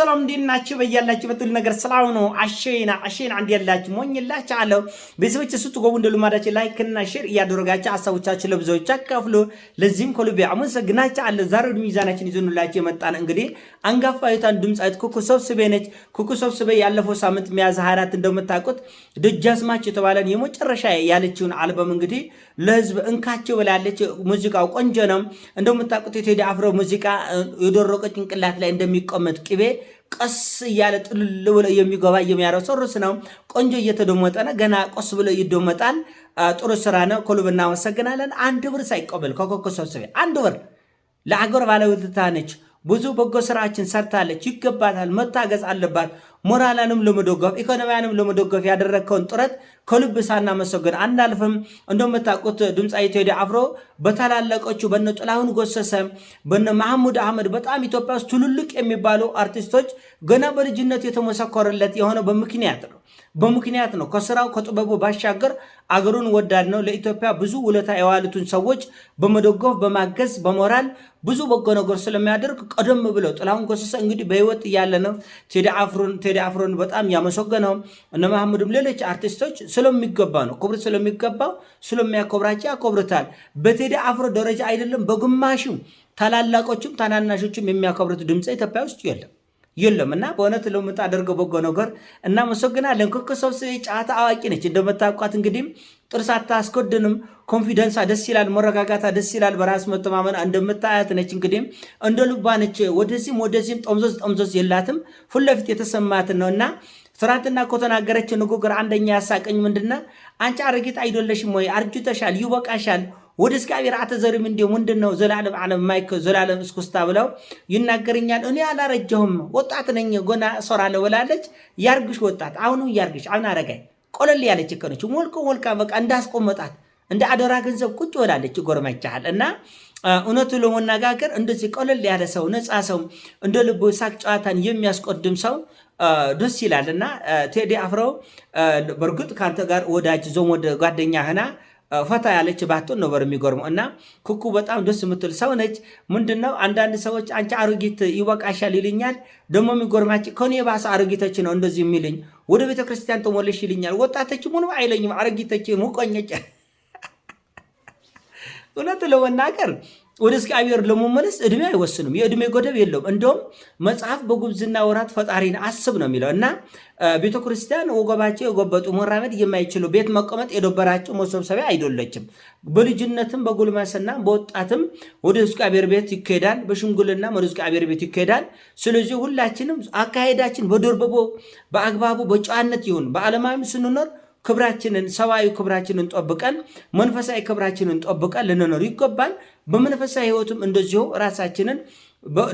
ሰላም እንዴት ናችሁ? በያላችሁ በትል ነገር ሰላም ነው። አሸና አሸና አንድ ያላችሁ ሞኝላችሁ አለ ቤተሰቦች እሱ ትጎቡ እንደ ልማዳችሁ ላይክ እና ሼር እያደረጋችሁ ሀሳቦቻችሁ ለብዙዎች አካፍሉ። ለዚህም ከልቤ አመሰግናችሁ አለ። ዛሬ ወደ ሚዛናችን ይዘንላችሁ የመጣን እንግዲህ አንጋፋ የታን ድምጻዊት ኩኩ ሰብስቤ ነች። ኩኩ ሰብስቤ ያለፈው ሳምንት ሚያዝያ 24 እንደምታውቁት ደጃዝማች የተባለን የመጨረሻ ያለችውን አልበም እንግዲህ ለህዝብ እንካቸው ብላለች። ሙዚቃው ቆንጆ ነው። እንደምታውቁት የቴዲ አፍሮ ሙዚቃ የደረቀ ጭንቅላት ላይ እንደሚቆመጥ ቅቤ ቀስ እያለ ጥልል ብሎ የሚገባ የሚያረሰርስ ነው። ቆንጆ እየተደመጠ ነው። ገና ቆስ ብሎ ይደመጣል። ጥሩ ስራ ነው። ክሉብ እናመሰግናለን። አንድ ብር ሳይቀበል ከኮኮ ሰብስቤ አንድ ብር ለአገር ባለውለታ ነች። ብዙ በጎ ስራችን ሰርታለች። ይገባታል። መታገዝ አለባት። ሞራላንም ለመደገፍ ኢኮኖሚያንም ለመደገፍ ያደረግከውን ጥረት ከልብ ሳናመሰግን አናልፍም። እንደምታውቁት ድምፃዊ ቴዲ አፍሮ በታላለቆቹ በነ ጥላሁን ጎሰሰ በነ መሐሙድ አህመድ በጣም ኢትዮጵያ ውስጥ ትልልቅ የሚባሉ አርቲስቶች ገና በልጅነት የተመሰኮረለት የሆነ በምክንያት ነው በምክንያት ነው። ከስራው ከጥበቡ ባሻገር አገሩን ወዳድ ነው። ለኢትዮጵያ ብዙ ውለታ የዋሉትን ሰዎች በመደጎፍ በማገዝ በሞራል ብዙ በጎ ነገር ስለሚያደርግ ቀደም ብሎ ጥላሁን ጎሰሰ እንግዲህ በህይወት እያለ ነው ቴዲ አፍሮን በጣም ያመሰገነው እነ መሐሙድም ሌሎች አርቲስቶች ስለሚገባ ነው። ክብር ስለሚገባው ስለሚያከብራቸው ያከብርታል። በቴዲ አፍሮ ደረጃ አይደለም በግማሽም ታላላቆችም ታናናሾችም የሚያከብሩት ድምፅ ኢትዮጵያ ውስጥ የለም የለም እና በእውነት ለምታደርገው በጎ ነገር እናመሰግናለን። ክክ ሰብስቤ ጫታ አዋቂ ነች እንደምታውቋት። እንግዲህ ጥርስ አታስኮድንም። ኮንፊደንሳ ደስ ይላል፣ መረጋጋታ ደስ ይላል፣ በራስ መተማመን እንደምታያት ነች። እንግዲህ እንደ ልባ ነች። ወደዚህም ወደዚህም ጠምዞዝ ጠምዞዝ የላትም። ፊት ለፊት የተሰማትን ነው እና ትናንትና እኮ ተናገረች ንግግር አንደኛ ያሳቀኝ ምንድና አንቺ አረጊት አይደለሽም ወይ? አርጅተሻል፣ ይበቃሻል። ወደ እግዚአብሔር አተዘሪም እንዲ ምንድን ነው ዘላለም ዓለም ማይክ ዘላለም እስኩስታ ብለው ይናገርኛል። እኔ አላረጀሁም ወጣት ነኝ ጎና እሰራለሁ ብላለች። ያርግሽ ወጣት፣ አሁኑ ያርግሽ። አሁን አረጋይ ቆለል ያለች ከነች ሞልቆ ሞልቃ በቃ እንዳስቆመጣት እንደ አደራ ገንዘብ ቁጭ ብላለች። ጎርመቻል እና እውነቱ ለመነጋገር እንደዚህ ቀለል ያለ ሰው ነፃ ሰው እንደ ልቦ ሳቅ ጨዋታን የሚያስቆድም ሰው ደስ ይላል እና ቴዲ አፍሮ በእርግጥ ከአንተ ጋር ወዳጅ ወደ ጓደኛ ህና ፈታ ያለች ባትሆን ነበር የሚጎርመው። እና ኩኩ በጣም ደስ የምትል ሰው ነች። ምንድነው አንዳንድ ሰዎች አንቺ አሮጊት ይወቃሻል ይልኛል። ደግሞ የሚጎርማቸው ከኔ የባሰ አሮጊቶች ነው እንደዚህ የሚልኝ። ወደ ቤተክርስቲያን ተሞለሽ ይልኛል። ወጣተች ምንም አይለኝም። አሮጊቶች ሙቆኞች እውነት ለመናገር ወደ እግዚአብሔር ለመመለስ እድሜ አይወስንም። የእድሜ ገደብ የለውም። እንደውም መጽሐፍ በጉብዝና ወራት ፈጣሪን አስብ ነው የሚለው እና ቤተክርስቲያን ወገባቸው የጎበጡ መራመድ የማይችሉ ቤት መቀመጥ የደበራቸው መሰብሰቢያ አይደለችም። በልጅነትም በጉልማስና በወጣትም ወደ እግዚአብሔር ቤት ይካሄዳል፣ በሽምግልና ወደ እግዚአብሔር ቤት ይካሄዳል። ስለዚህ ሁላችንም አካሄዳችን በደርበቦ በአግባቡ በጨዋነት ይሁን። በዓለማዊም ስንኖር ክብራችንን ሰብአዊ ክብራችንን ጠብቀን መንፈሳዊ ክብራችንን ጠብቀን ልንኖር ይገባል። በመንፈሳዊ ህይወትም እንደዚሁ ራሳችንን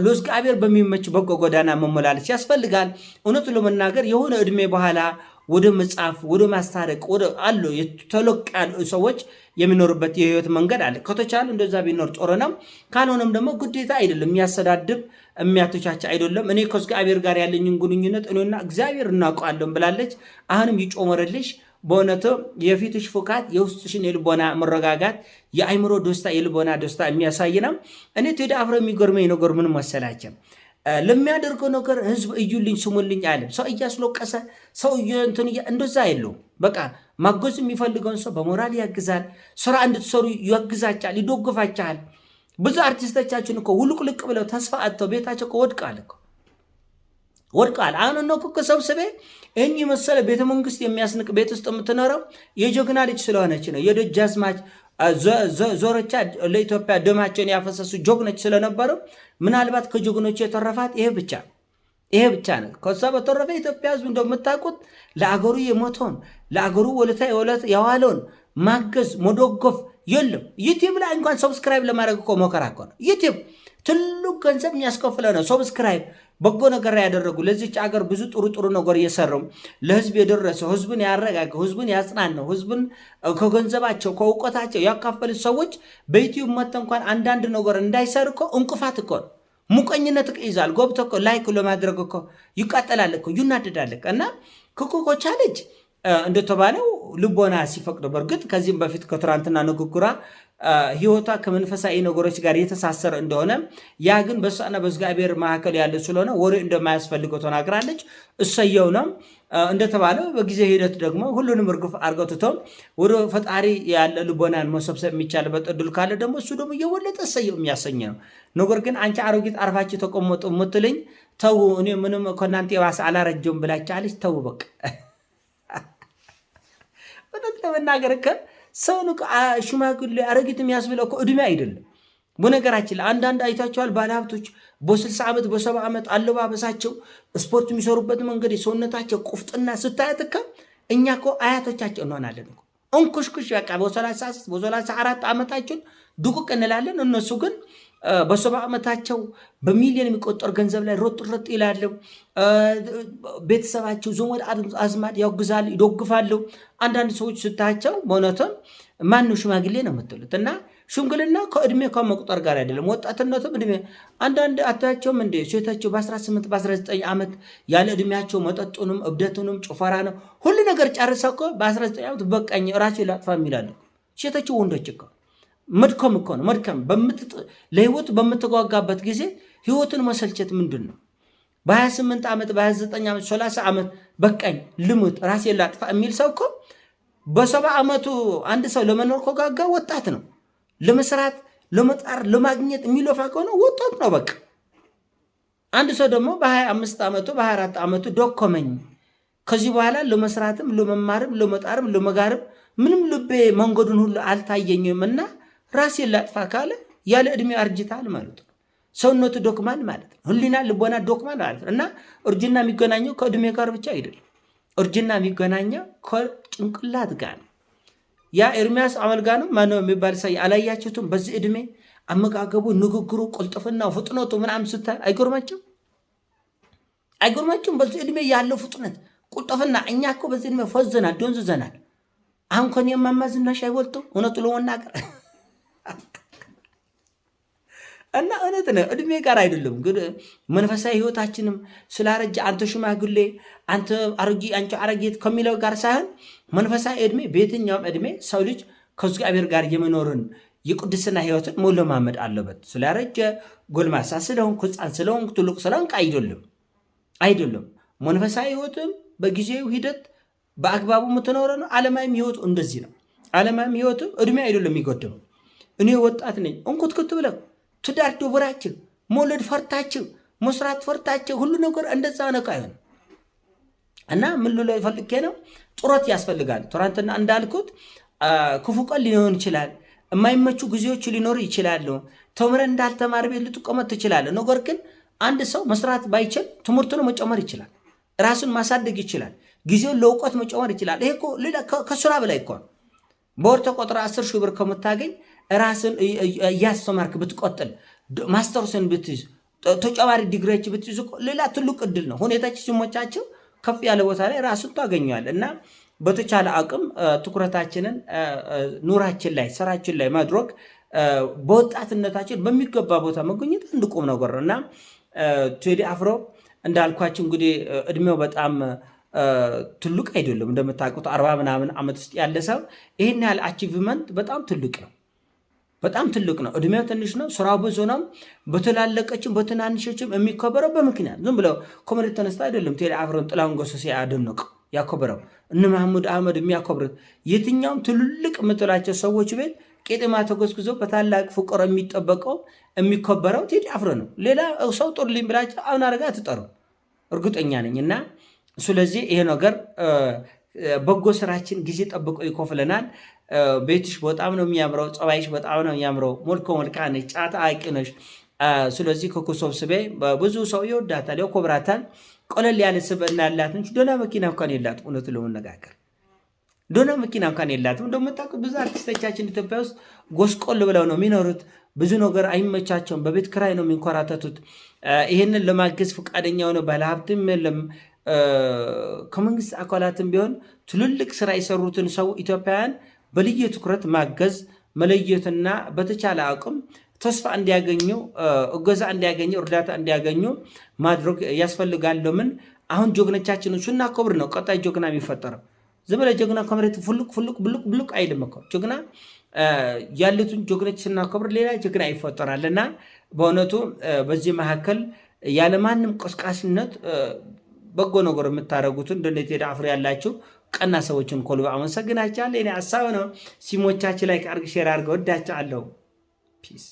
ለእግዚአብሔር በሚመች በጎ ጎዳና መመላለስ ያስፈልጋል። እውነቱ ለመናገር የሆነ እድሜ በኋላ ወደ መጻፍ ወደ ማስታረቅ ወደ አሉ ተለቅ ያሉ ሰዎች የሚኖሩበት የህይወት መንገድ አለ። ከተቻለ እንደዛ ቢኖር ጦር ነው። ካልሆነም ደግሞ ግዴታ አይደለም፣ የሚያሰዳድብ የሚያቶቻቸ አይደለም። እኔ ከእግዚአብሔር ጋር ያለኝን ግንኙነት እኔና እግዚአብሔር እናውቀዋለን ብላለች። አሁንም ይጮመረልሽ። በእውነቱ የፊትሽ ፉካት የውስጥሽን የልቦና መረጋጋት የአይምሮ ደስታ የልቦና ደስታ የሚያሳይ ነው። እኔ ቴዲ አፍሮ የሚገርመኝ ነገር ምን መሰላቸው? ለሚያደርገው ነገር ህዝብ እዩልኝ ስሙልኝ አለም ሰው እያስለቀሰ ሰው እንትን እንደዛ የለውም። በቃ ማገዝ የሚፈልገውን ሰው በሞራል ያግዛል። ስራ እንድትሰሩ ያግዛቻል፣ ይደግፋቻል። ብዙ አርቲስቶቻችን እኮ ውልቅልቅ ብለው ተስፋ አጥተው ቤታቸው ከወድቃል እኮ ወድቀዋል። አሁን እነ ሰብስቤ እኚህ መሰለ ቤተ መንግስት የሚያስንቅ ቤት ውስጥ የምትኖረው የጀግና ልጅ ስለሆነች ነው። የደጃዝማች ዞረቻ ለኢትዮጵያ ደማቸውን ያፈሰሱ ጀግኖች ስለነበሩ ምናልባት ከጀግኖቹ የተረፋት ይሄ ብቻ ይሄ ብቻ ነው። ከዛ በተረፈ ኢትዮጵያ ሕዝብ እንደምታውቁት ለአገሩ የሞተውን ለአገሩ ወለታ የዋለውን ማገዝ መደጎፍ የለም። ዩቲብ ላይ እንኳን ሰብስክራይብ ለማድረግ እኮ መከራ እኮ ነው። ዩቲብ ትልቅ ገንዘብ የሚያስከፍለ ነው ሰብስክራይብ በጎ ነገር ያደረጉ ለዚች አገር ብዙ ጥሩ ጥሩ ነገር እየሰሩ ለህዝብ የደረሰው ህዝብን ያረጋገው ህዝብን ያጽናነው ህዝብን ከገንዘባቸው ከእውቀታቸው ያካፈሉ ሰዎች በዩትዩብ መተ እንኳን አንዳንድ ነገር እንዳይሰር እኮ እንቅፋት እኮ ነው። ሙቀኝነት ይዛል። ጎብተ እኮ ላይክ ለማድረግ እኮ ይቃጠላል እኮ ይናደዳል እና ክኩኮቻ ልጅ እንደተባለው ልቦና ሲፈቅዶ በእርግጥ ከዚህም በፊት ከትናንትና ንግግሯ ህይወቷ ከመንፈሳዊ ነገሮች ጋር የተሳሰረ እንደሆነ ያ ግን በእሷና በእግዚአብሔር መካከል ያለ ስለሆነ ወሬ እንደማያስፈልገው ተናግራለች። እሰየው ነው እንደተባለው በጊዜ ሂደት ደግሞ ሁሉንም እርግፍ አርገትቶ ወደ ፈጣሪ ያለ ልቦናን መሰብሰብ የሚቻልበት እድል ካለ ደግሞ እሱ ደግሞ እየወለጠ እሰየው የሚያሰኝ ነው። ነገር ግን አንቺ አሮጊት አርፋችሁ ተቆመጡ የምትልኝ ተዉ፣ እኔ ምንም ከእናንተ የባሰ አላረጀውም ብላችኋለች። ተዉ በቃ በእውነት ለመናገር ሰውን ሽማግሌ አረጊት የሚያስብለው እኮ እድሜ አይደለም። በነገራችን ላይ አንዳንድ አይታቸዋል ባለሀብቶች በ60 ዓመት በ70 ዓመት አለባበሳቸው፣ ስፖርት የሚሰሩበት መንገድ፣ የሰውነታቸው ቁፍጥና እከ እኛ እኮ አያቶቻቸው እንሆናለን እኮ እንኩሽኩሽ በቃ በ34 ዓመታችን ድቁቅ እንላለን እነሱ ግን በሰባ ዓመታቸው በሚሊዮን የሚቆጠር ገንዘብ ላይ ሮጥ ሮጥ ይላሉ። ቤተሰባቸው ዘመድ አዝማድ ያግዛሉ፣ ይደግፋሉ። አንዳንድ ሰዎች ስታቸው በእውነትም ነው ሽማግሌ ነው የምትሉት እና ሽምግልና ከእድሜ ከመቁጠር ጋር አይደለም። ወጣትነትም እድሜ አንዳንድ አታያቸውም እንደ ሴታቸው በ18 በ19 ዓመት ያለ እድሜያቸው መጠጡንም እብደቱንም ጭፈራ ነው ሁሉ ነገር ጨርሰ በ19 ዓመት በቃኝ ራሴ ላጥፋ የሚላሉ ሴታቸው ወንዶች እኮ መድከም እኮ ነው። መድከም ለህይወት በምትጓጋበት ጊዜ ህይወትን መሰልቸት ምንድን ነው? በ28 ዓመት በ29 ዓመት 30 ዓመት በቃኝ ልሙት ራሴን ላጥፋ የሚል ሰው እኮ በሰባ ዓመቱ አንድ ሰው ለመኖር ከጓጋ ወጣት ነው። ለመስራት ለመጣር ለማግኘት የሚለፋ ከሆነ ወጣት ነው በቃ። አንድ ሰው ደግሞ በ25 ዓመቱ በ24 ዓመቱ ዶኮመኝ ከዚህ በኋላ ለመስራትም ለመማርም ለመጣርም ለመጋርም ምንም ልቤ መንገዱን ሁሉ አልታየኝም እና ራሴን ላጥፋ ካለ ያለ እድሜ አርጅታል ማለት ነው። ሰውነቱ ዶክማል ማለት ነው። ህሊና ልቦና ዶክማል ማለት ነው። እና እርጅና የሚገናኘው ከእድሜ ጋር ብቻ አይደለም። እርጅና የሚገናኘው ከጭንቅላት ጋር ነው። ያ ኤርሚያስ አመልጋ ነው ማነው የሚባል ሳይ አላያችሁትም? በዚህ እድሜ አመጋገቡ፣ ንግግሩ፣ ቅልጥፍናው፣ ፍጥነቱ ምናምን ስታይ አይጎርማችሁም? አይጎርማችሁም? በዚህ እድሜ ያለው ፍጥነት ቁልጥፍና። እኛ እኮ በዚህ እድሜ ፈዝናል፣ ዶንዝዘናል። አሁን ከኔ እማማ ዝናሽ አይበልጥም እውነቱ ለመናገር እና እውነት ነው። እድሜ ጋር አይደለም ግን መንፈሳዊ ህይወታችንም ስላረጀ አንተ ሽማግሌ አንተ አሮጊ አንቺ አሮጊት ከሚለው ጋር ሳይሆን መንፈሳዊ እድሜ በየትኛውም እድሜ ሰው ልጅ ከእግዚአብሔር ጋር የመኖርን የቅድስና ህይወትን ማመድ አለበት። ስላረጀ ጎልማሳ ስለሆንክ ህፃን ስለሆንክ ትልቅ ስለሆንክ አይደለም አይደለም። መንፈሳዊ ህይወትም በጊዜው ሂደት በአግባቡ የምትኖረ ነው። አለማዊም ህይወቱ እንደዚህ ነው። አለማዊም ህይወትም እድሜ አይደለም የሚጎድመው እኔ ወጣት ነኝ። እንኩትኩት ብለህ ትዳር ደብራችሁ መውለድ ፈርታችሁ መስራት ፈርታችሁ ሁሉ ነገር እንደዛ ነው ይሆን እና ምን ልለው ፈልጌ ነው፣ ጥረት ያስፈልጋል። ትናንትና እንዳልኩት ክፉ ቀን ሊሆን ይችላል። የማይመቹ ጊዜዎች ሊኖሩ ይችላሉ። ተምረ እንዳልተማር ቤት ልትቀመጥ ትችላለ። ነገር ግን አንድ ሰው መስራት ባይችል ትምህርቱን መጨመር ይችላል። ራሱን ማሳደግ ይችላል። ጊዜውን ለእውቀት መጨመር ይችላል። ይሄ ከስራ በላይ እኮ በወር ተቆጥሮ አስር ሺህ ብር ከምታገኝ ራስን እያስተማርክ ብትቆጥል ማስተርስን ብትይዝ ተጨማሪ ዲግሪዎች ብትይዝ ሌላ ትልቅ እድል ነው። ሁኔታች ሲሞቻቸው ከፍ ያለ ቦታ ላይ ራስን ታገኘዋል እና በተቻለ አቅም ትኩረታችንን ኑራችን ላይ ስራችን ላይ ማድረግ በወጣትነታችን በሚገባ ቦታ መገኘት አንድ ቁም ነገር ነው እና ቴዲ አፍሮ እንዳልኳቸው እንግዲህ እድሜው በጣም ትልቅ አይደለም። እንደምታውቁት አርባ ምናምን ዓመት ውስጥ ያለ ሰው ይህን ያህል አቺቭመንት በጣም ትልቅ ነው። በጣም ትልቅ ነው። እድሜ ትንሽ ነው። ስራ ብዙ ነው። በትላለቀችም በትናንሾችም የሚከበረው በምክንያት ዝም ብለው ኮሜዲ ተነስታ አይደለም። አፍረን አፍሮን ጥላሁን ገሰሰ ሲያደንቅ ያከበረው እነ መሐሙድ አህመድ የሚያከብሩት የትኛውም ትልልቅ የምትላቸው ሰዎች ቤት ቄጤማ ተጎዝጉዞ በታላቅ ፍቅር የሚጠበቀው የሚከበረው ቴዲ አፍረ ነው። ሌላ ሰው ጥሩልኝ ብላቸው አሁን አረጋ ትጠሩ እርግጠኛ ነኝ እና ስለዚህ ይሄ ነገር በጎ ስራችን ጊዜ ጠብቆ ይከፍለናል። ቤትሽ በጣም ነው የሚያምረው፣ ፀባይሽ በጣም ነው የሚያምረው። ሞልኮ መልካ ነች፣ ጫት አቂ ነች። ስለዚህ ኮኮ ሰብስቤ ብዙ ሰው ይወዳታል። ኮብራታል ቆለል ያለ ስብዕና ያላት እንጂ ዶላ መኪና እንኳን የላት። እውነቱ ለመነጋገር ዶላ መኪና እንኳን የላትም። እንደምታውቁት ብዙ አርቲስቶቻችን ኢትዮጵያ ውስጥ ጎስቆል ብለው ነው የሚኖሩት። ብዙ ነገር አይመቻቸውም። በቤት ክራይ ነው የሚንኮራተቱት። ይህንን ለማገዝ ፈቃደኛ የሆነ ባለሀብትም የለም። ከመንግስት አካላትም ቢሆን ትልልቅ ስራ የሰሩትን ሰው ኢትዮጵያውያን በልዩ ትኩረት ማገዝ መለየትና በተቻለ አቅም ተስፋ እንዲያገኙ እገዛ እንዲያገኙ እርዳታ እንዲያገኙ ማድረግ ያስፈልጋል። ለምን አሁን ጀግኖቻችንን ስናከብር ነው ቀጣይ ጀግና የሚፈጠረው። ዝም ብለህ ጀግና ከመሬት ፍሉቅ ፍሉቅ ብሉቅ ብሉቅ አይልም እኮ ጀግና ያሉትን ጀግኖች ስናከብር ሌላ ጀግና ይፈጠራል። እና በእውነቱ በዚህ መካከል ያለማንም ቀስቃሽነት በጎ ነገር የምታደርጉትን እንደ ቴዲ አፍሮ ያላችሁ ቀና ሰዎችን ኮሉ አመሰግናችኋለሁ። የኔ ሀሳብ ነው። ሲሞቻችን ላይ ከአርግ ሼር አድርገ ወዳቸዋለሁ። ፒስ